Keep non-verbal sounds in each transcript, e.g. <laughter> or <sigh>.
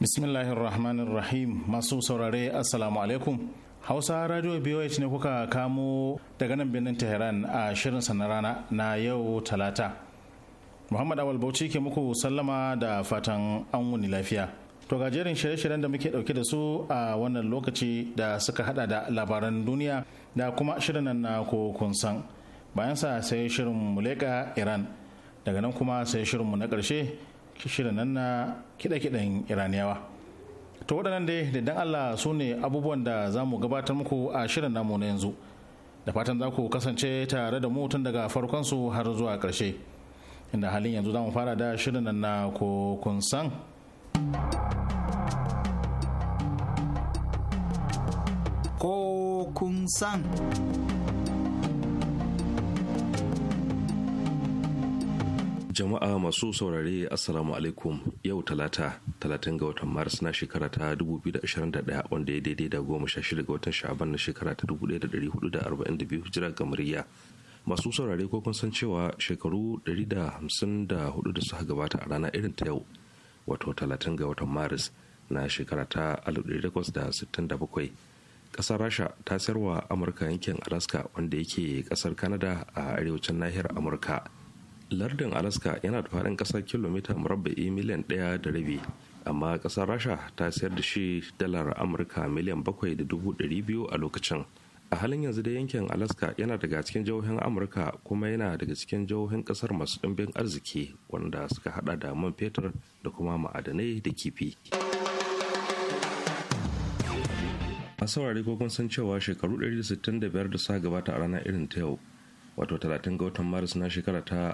bismillahir rahmanir rahim masu saurare assalamu alaikum hausa radio biyu ne kuka kamo daga nan birnin tehran a shirin sa na rana na yau talata muhammad awal bauchi ke muku sallama da fatan an wuni lafiya to gajerin shirye-shiryen da muke dauke da su a wannan lokaci da suka hada da labaran duniya da kuma shirin nan na kun san bayan sa sai shirin mu leka iran daga nan kuma sai shirin mu na karshe shirin nan na kiɗe-kiɗen iraniyawa to waɗannan dai da dan allah su ne abubuwan da za mu gabatar muku a shirin namu na yanzu da fatan za ku kasance tare da mu daga farkon su har zuwa ƙarshe inda halin yanzu za mu fara da shirin nan na kokun san san jama'a masu saurare assalamu alaikum yau talata talatin ga watan maris na shekara ta 2021 wanda ya daidai da goma sha shida ga watan sha'aban na shekara ta 1442 hijira Murya masu saurare ko kun san cewa shekaru 154 da suka gabata a rana irin ta yau wato talatin ga watan maris na shekara ta 1867 kasar rasha ta sayarwa amurka yankin alaska wanda yake kasar canada a arewacin nahiyar amurka lardin alaska yana da faɗin ƙasa kilomita murabba'i miliyan ɗaya da rabi amma ƙasar rasha ta sayar da shi dalar amurka miliyan bakwai da dubu ɗari biyu a lokacin a halin yanzu da yankin alaska yana daga cikin jihohin amurka kuma yana daga cikin jihohin ƙasar masu ɗimbin arziki wanda suka haɗa da man fetur da kuma ma'adanai da kifi a saurari kokon san cewa shekaru 165 da suka gabata a ranar irin ta yau wato 30 ga watan maris na shekara ta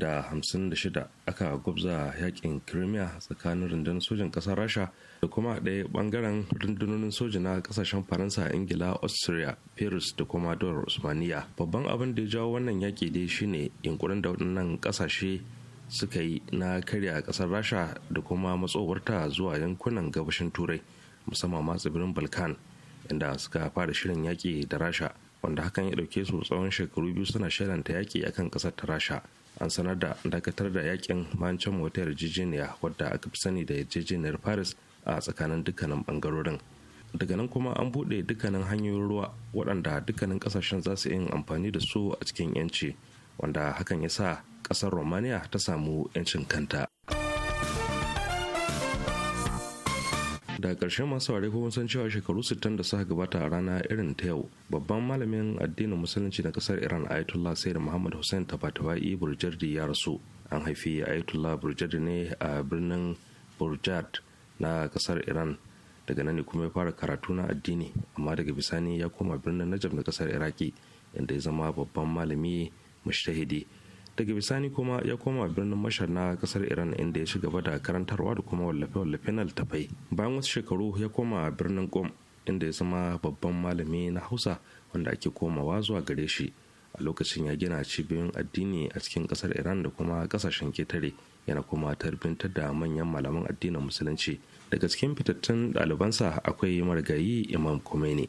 1856 aka gwabza yakin crimea tsakanin rundunar sojin ƙasar rasha da kuma ɗaya ɓangaren rundunonin soja na ƙasashen faransa ingila austria paris da kuma duwar usmaniya babban abin da ya jawo wannan yaƙi dai shine yunkurin da waɗannan ƙasashe suka yi na karya ƙasar rasha da kuma matsowarta zuwa yankunan gabashin turai musamman ma tsibirin balkan inda suka fara shirin yaƙi da rasha wanda hakan ya dauke su tsawon shekaru biyu suna shelanta yaƙi kan ƙasar ta rasha an sanar da dakatar da yakin mancan wata yarjejeniya wadda aka fi sani da yarjejeniyar paris a tsakanin dukkanin bangarorin daga nan kuma an buɗe dukkanin hanyoyin ruwa waɗanda dukkanin ƙasashen za su yin amfani da su a cikin yanci wanda hakan ya sa ƙasar romania ta samu yancin kanta da ƙarshe masu ware kuma san cewa shekaru 60 da suka gabata a rana irin ta yau babban malamin addinin musulunci na ƙasar iran ayatollah sayyid muhammad hussein tabatabai burjardi ya rasu an haifi ayatollah burjardi ne a birnin burjad na kasar iran daga nan ne kuma ya fara karatu na addini amma daga bisani ya koma birnin najab na ƙasar iraki inda ya zama babban malami mushtahidi daga bisani kuma ya koma birnin mashar na kasar iran inda ya gaba da karantarwa da kuma wallafe-wallafe na littafai bayan wasu shekaru ya koma birnin kom inda ya zama babban malami na hausa wanda ake komawa zuwa gare shi a lokacin ya gina cibiyoyin addini a cikin kasar iran da kuma kasashen ketare yana kuma tarbintar da manyan malaman addinin musulunci daga cikin fitattun ɗalibansa akwai marigayi imam khomeini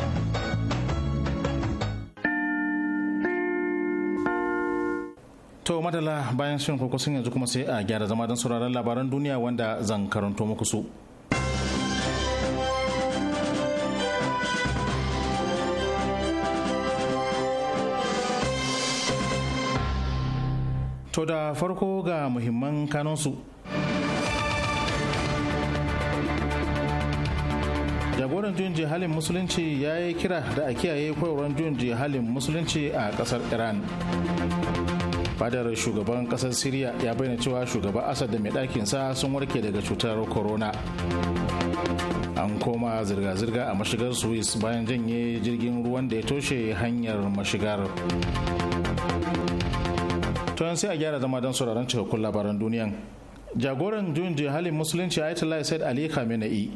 to madala bayan shirin sun yanzu kuma sai a gyara zama don sauraron labaran duniya wanda zan karanto muku su To da farko ga muhimman kanonsu. jagoran juyin jihalin musulunci ya yi kira da a kiyaye koyarwar juyin jihalin musulunci a kasar iran fadar shugaban kasar siriya ya bayyana cewa shugaban asad da mai ɗakinsa sun warke daga cutar corona an koma zirga-zirga a mashigar swiss bayan janye jirgin ruwan da ya toshe hanyar mashigar tun sai a gyara zama don sauraron cikakkun labaran duniyan jagoran juyin halin musulunci ayatollah said ali khamenei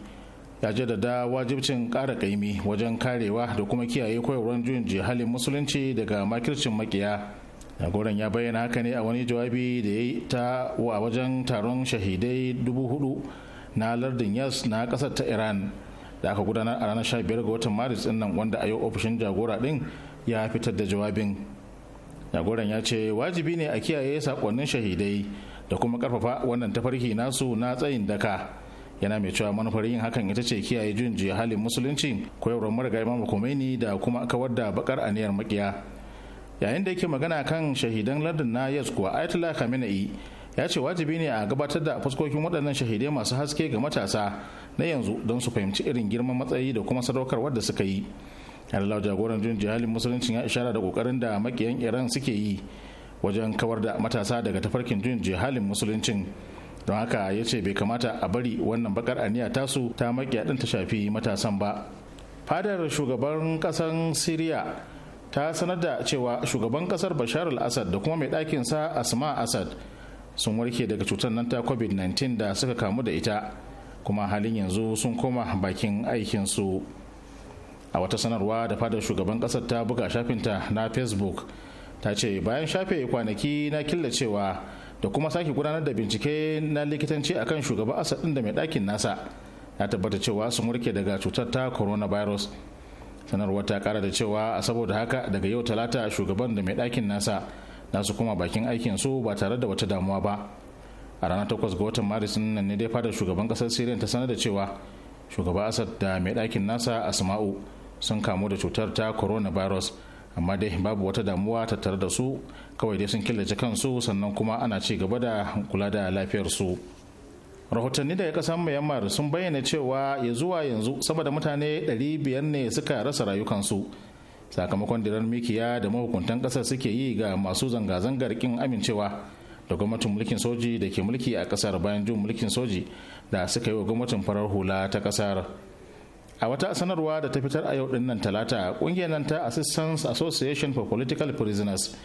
ya jaddada wajibcin kara kaimi wajen karewa da kuma kiyaye koyarwar juyin halin musulunci daga makircin makiya jagoran ya bayyana haka ne a wani jawabi da ya ta wa wajen taron shahidai dubu hudu na lardin yas na kasar ta iran da aka gudanar a ranar 15 ga watan maris din wanda a yau ofishin jagora din ya fitar da jawabin jagoran ya ce wajibi ne a kiyaye sakonnin shahidai da kuma karfafa wannan tafarki nasu na tsayin daka yana mai cewa manufar yin hakan ita ce kiyaye jin halin musulunci koyarwar marigayi mamakomai ne da kuma kawar da bakar aniyar makiya yayin da yake magana kan shahidan lardin na yes kuwa ayatollah khamenei ya ce wajibi ne a gabatar da fuskokin waɗannan shahidai masu haske ga matasa na yanzu don su fahimci irin girman matsayi da kuma sadaukar wadda suka yi Allah jagoran jin jihalin musuluncin ya ishara da kokarin da makiyan Iran suke yi wajen kawar da matasa daga tafarkin jin jihalin musuluncin don haka ya ce bai kamata a bari wannan bakar aniya tasu ta makiya ɗin ta shafi matasan ba fadar shugaban kasan Siriya ta sanar da cewa shugaban kasar bashar al-assad da kuma mai ɗakin sa asma assad sun warke daga cutar nan ta covid-19 da suka kamu da ita kuma halin yanzu sun koma bakin aikinsu a wata sanarwa da fadar shugaban kasar ta buga shafinta na facebook ta ce bayan shafe kwanaki na killacewa da kuma sake gudanar da bincike na likitanci akan shugaban asad din da mai ɗakin nasa ya tabbata cewa sun warke daga cutar ta coronavirus sanarwar ta kara da cewa a saboda haka daga yau talata shugaban da mai ɗakin nasa nasu su koma bakin aikin su ba tare da wata damuwa ba a ranar takwas ga watan maris nan ne dai fadar shugaban ƙasar syria ta sanar da cewa shugaba asad da mai ɗakin nasa asma'u sun kamu da cutar ta coronavirus amma dai babu wata damuwa tattare da su kawai dai sun killace kansu sannan kuma ana ci gaba da kula da lafiyar su. rahotanni daga kasar myanmar sun bayyana cewa ya zuwa yanzu saboda da mutane 500 ne suka rasa rayukansu sakamakon dirar mikiya da mahukuntan kasar suke yi ga masu zanga-zangar kin amincewa da gwamnatin mulkin soji da ke mulki a kasar bayan jin mulkin soji da suka yi wa gwamnatin farar hula ta kasar a wata sanarwa da ta fitar a yau dinnan talata kungiyar nan ta assistance association for political prisoners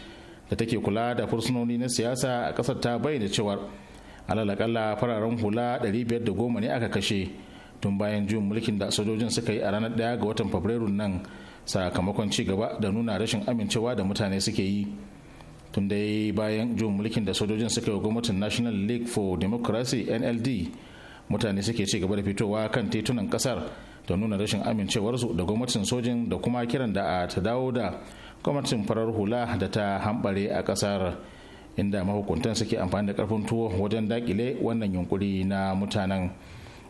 da take kula da fursunoni na siyasa a kasar ta bayyana cewar alalakalla fararen hula 510 ne aka kashe tun bayan juyin mulkin da sojojin suka yi a ranar 1 ga watan fabrairu nan sakamakon ci gaba da nuna rashin amincewa da mutane suke yi tun dai bayan juyin mulkin da sojojin suka yi gwamnatin national league for democracy nld mutane suke ci gaba da fitowa kan titunan kasar da nuna rashin amincewarsu da gwamnatin sojin da kuma kiran da a ta dawo da gwamnatin farar hula da ta hambare a kasar inda mahukuntan suke amfani da karfin tuwo wajen dakile wannan yunkuri na mutanen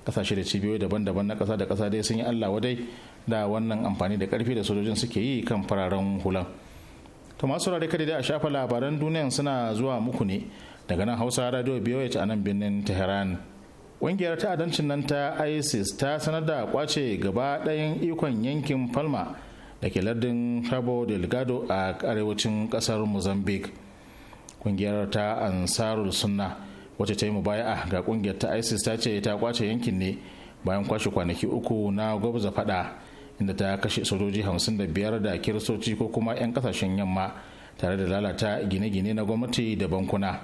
kasashe da cibiyoyi daban-daban na kasa da kasa dai sun yi allah wadai da wannan amfani da karfi da sojojin suke yi kan fararen hulan. to masu rarrai kada dai a shafa labaran duniyan suna zuwa muku ne daga nan hausa radio biyoyi a nan birnin tehran ƙungiyar ta'adancin nan ta isis ta sanar da kwace gaba ɗayan ikon yankin palma da ke lardin cabo delgado a arewacin ƙasar mozambique kungiyar ta ansarul sunna wacce ta yi mubaya'a ga kungiyar ta isis ta ce ta kwace yankin ne bayan kwashe kwanaki uku na gwabza fada inda ta kashe sojoji hamsin da biyar da kiristoci ko kuma 'yan kasashen yamma tare da lalata gine-gine na gwamnati da bankuna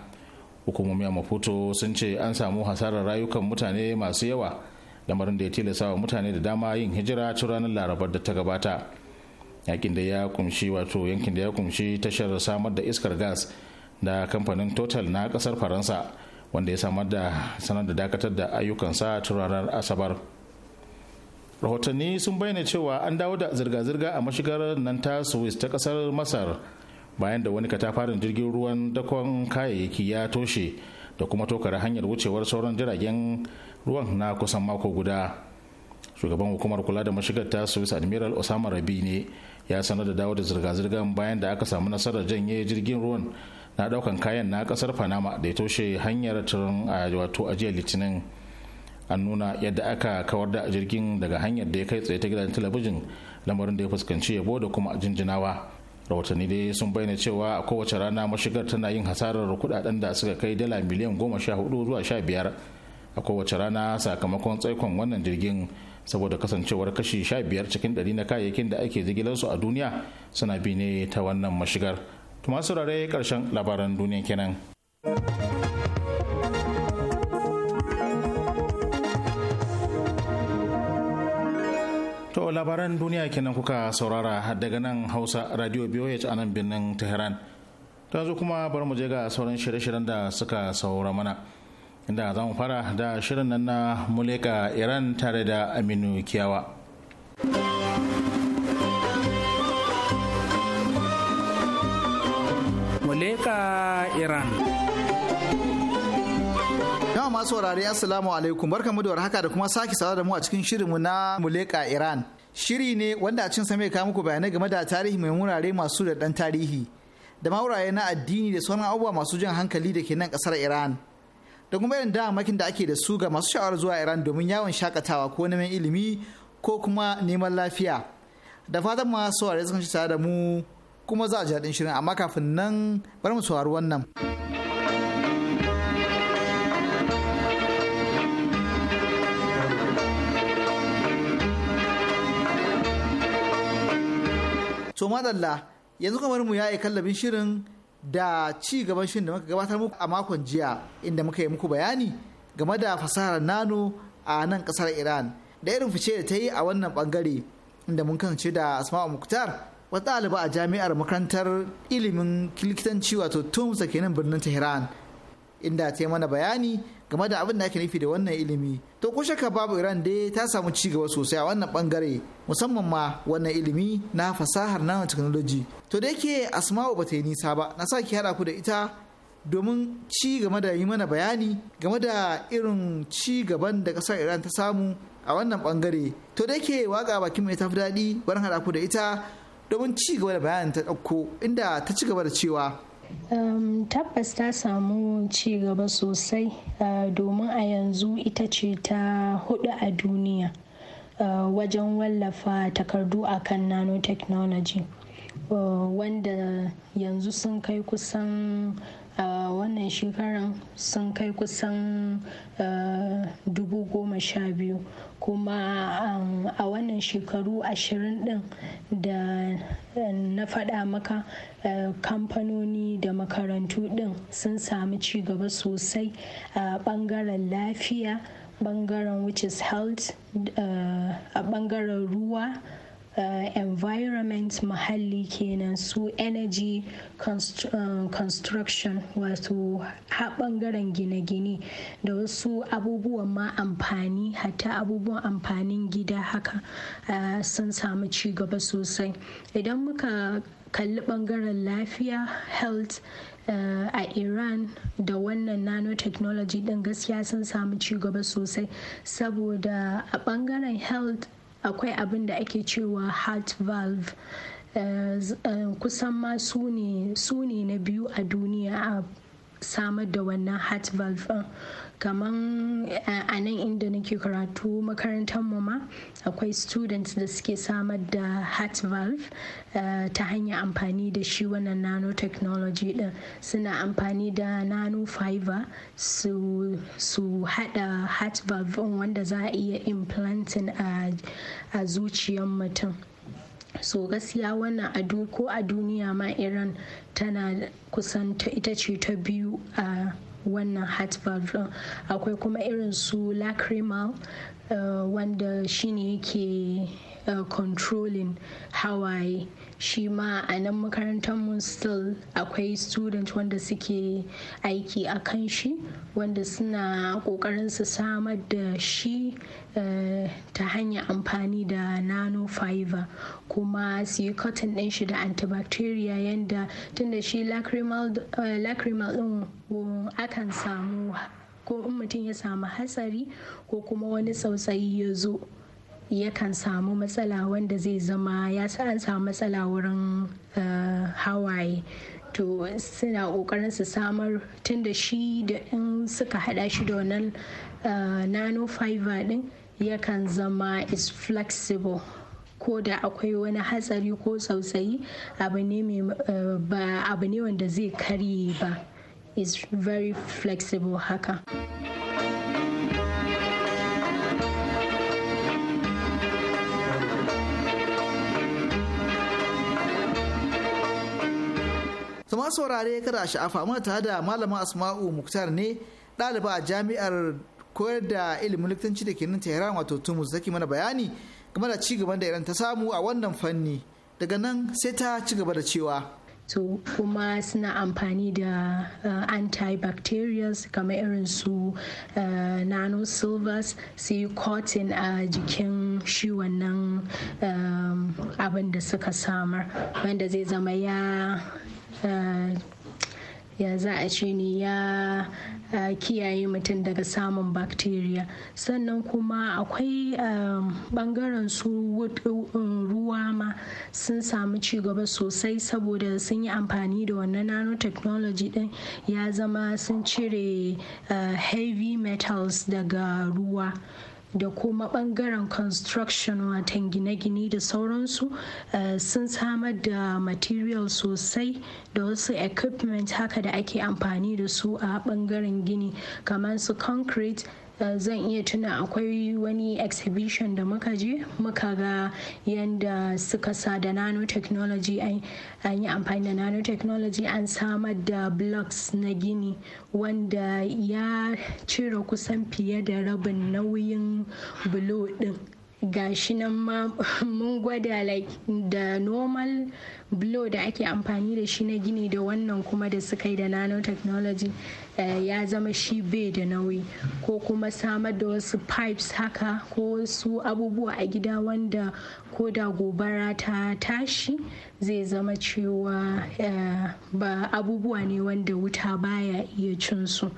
hukumomi a maputo sun ce an samu hasarar rayukan mutane masu yawa lamarin da ya tilasta wa mutane da dama yin hijira tun ranar larabar da ta gabata yakin da ya kumshi wato yankin da ya kumshi tashar samar da iskar gas da kamfanin total na kasar faransa wanda ya samar da sanar da dakatar da ayyukansa ta ranar asabar rahotanni sun bayyana cewa an dawo da zirga-zirga a mashigar nan ta swiss ta kasar masar bayan da wani katafarin jirgin ruwan dakon kayayyaki ya toshe da kuma tokara hanyar wucewar sauran jiragen ruwan na kusan mako guda shugaban hukumar kula da mashigar ta swiss admiral osama rabi ne ya sanar da dawo da zirga-zirgar bayan da aka samu nasarar janye jirgin ruwan na daukan kayan na kasar panama da ya toshe hanyar turin a wato ajiyar litinin an nuna yadda aka kawar da jirgin daga hanyar da ya kai tsaye ta gidan talabijin lamarin da ya fuskanci yabo da kuma jinjinawa rahotanni dai sun bayyana cewa a kowace rana mashigar tana yin hasarar kuɗaɗen da suka kai dala miliyan goma sha hudu zuwa sha biyar a kowace rana sakamakon tsaikon wannan jirgin saboda kasancewar kashi sha biyar cikin ɗari na kayayyakin da ake su a duniya suna bi ne ta wannan mashigar to masu rare karshen labaran duniya kenan To labaran duniya kenan kuka saurara daga nan Hausa Radio BOH a nan birnin Tehran. Ta zo kuma bar mu je ga sauran shirye-shiryen da suka saura mana. Inda za mu fara da shirin nan na Muleka Iran tare da Aminu Kiyawa. Amurka iran yawan masu wurare assalamu alaikum barka mu da warhaka da kuma sake sawa da mu a cikin shirinmu na muleka iran shiri ne wanda a cin sa ka muku bayanai game da tarihi mai wurare masu da dan tarihi da ma na addini da sauran abubuwa masu jan hankali da ke nan kasar iran da kuma irin damakin da ake da su ga masu sha'awar zuwa Iran domin yawon shakatawa ko neman ilimi ko kuma neman lafiya. Da fatan masu wurare sun tare da mu kuma za a ji haɗin shirin amma kafin nan bari mu saurari wannan. to madalla yanzu kamar mu ya yi kallabin shirin da ci gaban shirin da muka gabatar muku a makon jiya inda muka yi muku bayani game da fasahar nano a nan kasar Iran da irin fice da ta yi a wannan bangare inda mun kasance da Asma'u Muktar wata ɗaliba a jami'ar makarantar ilimin likitanci wato tumsa kenan birnin tehran inda ta yi mana bayani game da abin da ake nufi da wannan ilimi to kusa ka babu iran dai ta samu ci gaba sosai a wannan bangare musamman ma wannan ilimi na fasahar nano technology to da yake asma'u ba ta yi nisa ba na sa ki hada ku da ita domin ci game da yi mana bayani game da irin ci gaban da kasar iran ta samu a wannan bangare to da yake waka bakin mai tafi daɗi bar hada ku da ita domin ci gaba da bayanin ta ɗauko inda ta ci gaba da cewa Um, tabbas ta samu ci gaba sosai uh, domin a yanzu ita ce ta hudu a duniya uh, wajen wallafa takardu a kan nanotechnology uh, wanda yanzu sun kai kusan wannan shekaran sun kai kusan dubu biyu kuma um, a wannan shekaru ashirin din da na faɗa maka kamfanoni da makarantu din sun samu ci gaba sosai a ɓangaren lafiya ɓangaren which is health a ɓangaren ruwa uh, environment muhalli kenan su energy const uh, construction wato haɓangaren gine-gine da wasu abubuwan ma amfani hatta abubuwan amfanin gida haka uh, sun samu cigaba sosai idan muka kalli ɓangaren lafiya health Uh, a iran da wannan nanotechnology din gaskiya sun samu cigaba sosai saboda a ɓangaren health akwai abin da ake cewa heart valve eh, eh, kusan ma su ne na biyu a duniya a samar da wannan heart valve kaman a nan inda nake karatu makarantar mu ma akwai students da suke samar da heart valve eh, ta hanyar amfani da shi wannan nanotechnology din suna amfani da nano fiber su hada heart valve wanda za a iya implanting a zuciyar mutum so gaskiya wannan a ko a duniya ma iran tana kusan ita ce ta biyu a wannan heart ɗin akwai kuma irin su lacrimal eh, wanda shine yake uh, controlling hawaye shi ma a nan makarantar mu still akwai student wanda suke aiki a kan shi wanda suna kokarin su samar da shi uh, ta hanyar amfani da nano fiber kuma su yi cotton din shi da antibacteria yanda tunda shi lacrimal din uh, akan samu ko in mutum ya samu hatsari ko kuma wani tsautsayi ya zo yakan samu matsala wanda zai zama ya sa an samu matsala wurin eh, hawaye to suna kokarin su samar tun da shi da in suka hada shi da wannan eh, nano fiber din yakan zama is flexible ko da akwai wani hatsari ko tsautsayi abu ne eh, wanda zai karye ba is very flexible haka. Tuma saurare kada a sha'afa muna tare da malama Asma'u Muktar ne ɗaliba a jami'ar koyar da ilimin likitanci da ke nan ta Tehran wato Tumus zaki mana bayani game da ci gaban da Iran ta samu a wannan fanni. Daga nan sai ta ci gaba da cewa. to kuma suna amfani da uh, antibacterials kamar irin su uh, nano silvers su yi cotton a uh, jikin shi wannan um, abin da suka samar wanda zai zama ya Eh, ya za a ce ne ya eh, kiyaye mutum daga samun bacteria sannan kuma akwai bangaren eh, su ruwa ma sun samu cigaba sosai saboda sun yi amfani da wannan nanotechnology din ya zama sun cire heavy metals daga ruwa da kuma bangaren construction watan gine-gine da sauransu eh, sun samar da material sosai da wasu equipment haka da ake amfani da su a bangaren gini kamar su concrete Eh, zan iya tuna akwai wani exhibition da muka je muka ga yadda suka sa da nanotechnology an yi amfani da nanotechnology an samar da blocks na gini wanda ya cire kusan fiye da rabin nauyin bulo din gashi nan ma <laughs> mun gwada da normal blow da ake amfani da shi na gini da wannan kuma da suka yi da nanotechnology Eh, ya zama shi bai da nauyi ko kuma samar da wasu pipes haka ko wasu abubuwa a gida wanda ko da gobara ta tashi zai zama cewa eh, ba abubuwa ne wanda wuta baya iya cin su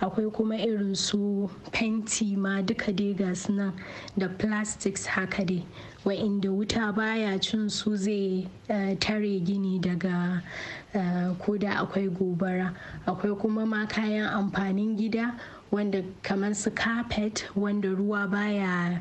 akwai kuma irin su fenti ma duka dai ga nan da plastics haka dai wa'inda wuta baya cin su zai eh, tare gini daga eh, ko da akwai gobara akwai kuma ma kayan amfanin gida wanda kamar su carpet wanda ruwa baya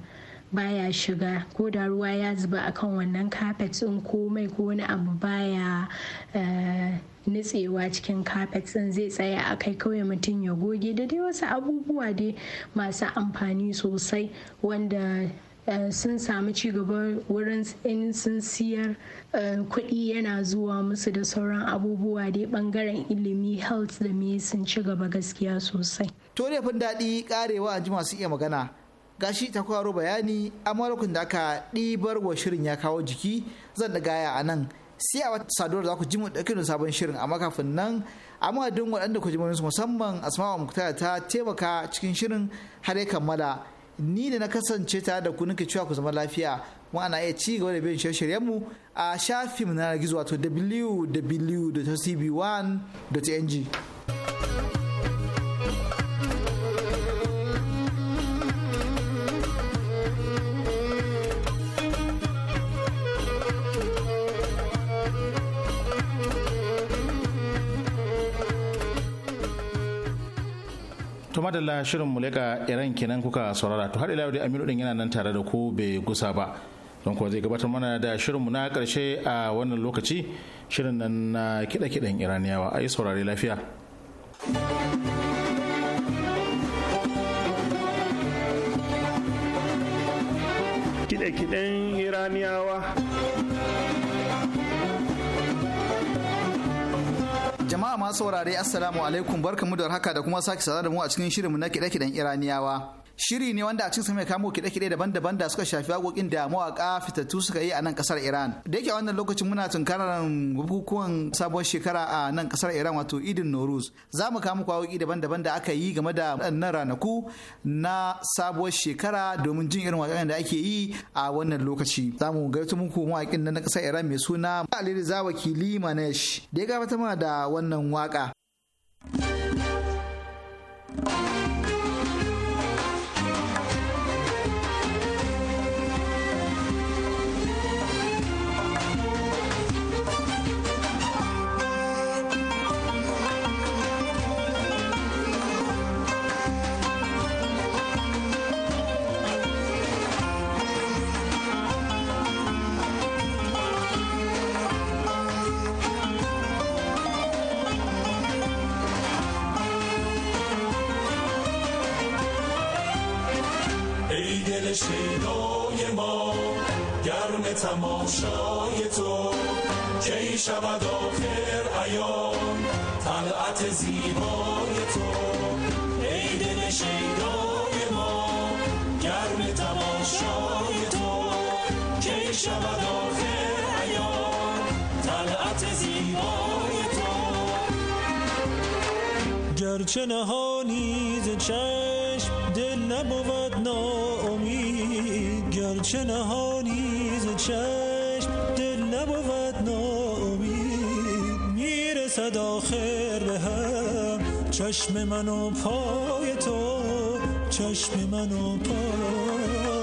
baya shiga ko da ruwa ya zuba akan wannan carpet ɗin, komai mai ko wani abu baya eh, nutsewa cikin carpet din zai tsaya a kai kawai mutum ya goge da dai wasu abubuwa dai masu amfani sosai wanda Eh, sun samu cigaba wurin in sun siyar eh, kuɗi yana zuwa musu da sauran abubuwa dai bangaren ilimi health da me sun ci gaba gaskiya sosai. To laifin daɗi karewa ji masu iya magana gashi ta kwaro bayani a malakun da aka ɗibar wa shirin ya kawo jiki zan da gaya a nan sai a wata saduwar za ku ji mu ɗauki da sabon shirin amma kafin nan a madadin waɗanda ku ji musamman asma'a mukta ta taimaka cikin shirin har ya kammala ni da na kasance tare da ku nake cewa ku zama lafiya kuma ana iya ci gaba da bin shirye mu a shafin na gizo wato wwwtcb 1ng madalla shirin mu leka iran kenan kuka saurara to har ila yau aminu din yana nan tare da ku bai gusa ba don kuwa zai gabatar mana da shirin mu na karshe a wannan lokaci shirin nan na kiɗe-kiɗen iraniyawa ayi saurari saurare lafiya kiɗe iraniyawa masu saurare assalamu alaikum barkamu da haka da kuma sake sada da mu a cikin shirinmu na kiɗe-kiɗen iraniyawa shiri ne wanda a cikinsa mai kamo kide-kide daban-daban da suka shafi haƙoƙin da mawaƙa fitattu suka yi a nan ƙasar Iran. Da yake a wannan lokacin muna tunkarar bukukuwan sabon shekara a nan ƙasar Iran wato Idin Noruz. Za mu kamo waƙoƙi daban-daban da aka yi game da waɗannan ranaku na sabuwar shekara domin jin irin waƙoƙin da ake yi a wannan lokaci. Za mu gaito muku mawaƙin na ƙasar Iran mai suna Ali wakili manesh da ya gabatar da wannan waƙa. تماشای تو کی شود آخر ایام طلعت زیبای تو ای دل شیدای ما گرم تماشای تو کی شود آخر ایام طلعت زیبای تو گرچه نهانی ز چشم دل نبود ناامید گرچه نهانی دل نبود ناامید میرسد آخر به هم چشم من و پای تو چشم من و پای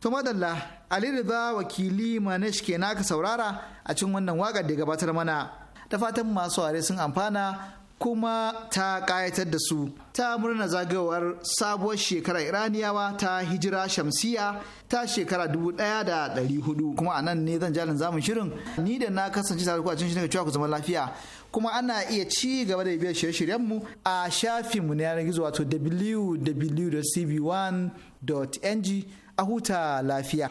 To madalla Ali Rida wakili Manish kenan aka saurara a cikin wannan waƙar da gabatar mana. Da fatan masu ware sun amfana kuma ta kayatar da su. Ta murna zagayowar sabuwar shekara Iraniyawa ta hijira shamsiya ta shekara dubu da hudu. Kuma a nan ne zan jalin zamun shirin. Ni da na kasance tare ku a cikin shirin cewa ku zama lafiya. kuma ana iya ci gaba da biyar shirye-shiryenmu a shafinmu na yanar gizo wato www.cb1.ng a huta lafiya.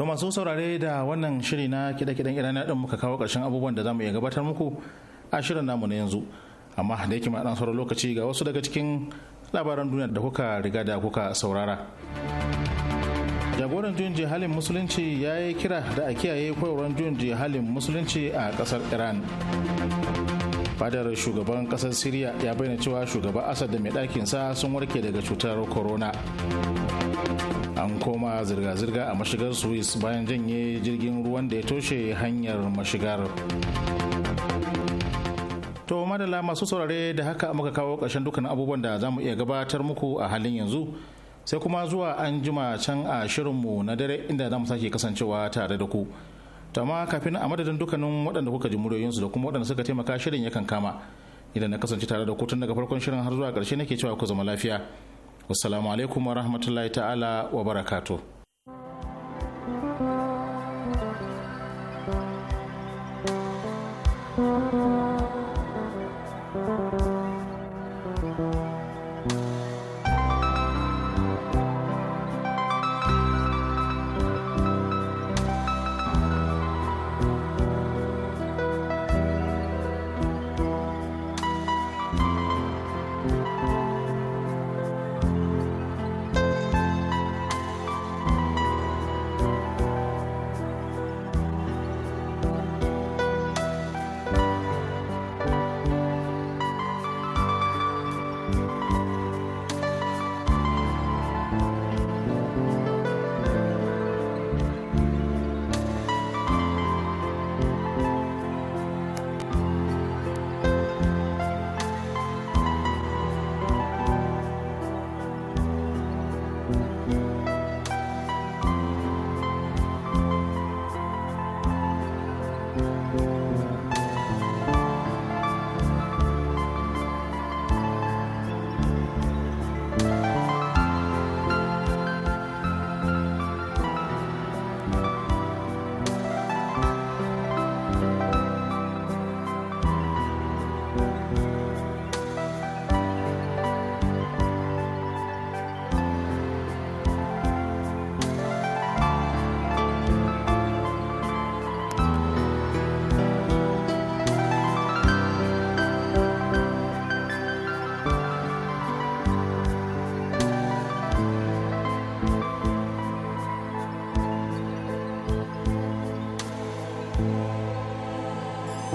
to masu saurare da wannan shiri na kiɗe-kiɗen iraniya na muka kawo ƙarshen abubuwan da za mu iya gabatar muku a shirin namu na yanzu amma da yake ma ɗan sauran lokaci ga wasu daga cikin labaran duniya da kuka riga da kuka saurara. jagoran juyin jihalin musulunci ya yi kira da a kiyaye koyarwar juyin jihalin musulunci a kasar iran fadar shugaban kasar siriya ya bayyana cewa shugaban asad da mai dakin sa sun warke daga cutar corona an koma zirga-zirga a mashigar swiss bayan janye jirgin ruwan da ya toshe hanyar mashigar to madala masu saurare da haka muka kawo ƙarshen dukkanin abubuwan da za mu iya gabatar muku a halin yanzu sai kuma zuwa an jima can a shirinmu na dare inda za mu sake kasancewa tare da ku tama kafin a madadin dukkanin waɗanda kuka ji muryoyinsu da kuma waɗanda suka taimaka shirin yakan kama idan na kasance tare da ku tun daga farkon shirin har zuwa ƙarshe nake cewa ku zama lafiya Wassalamu alaikum wa rahmatullahi ta'ala wa barakatuh.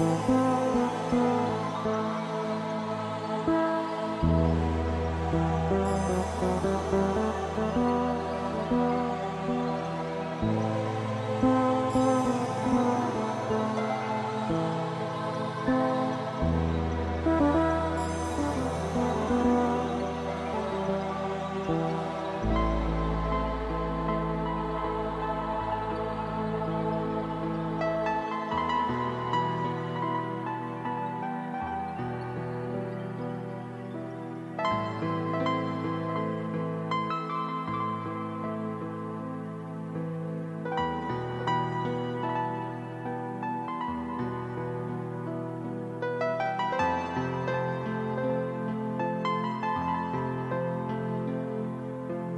Thank you.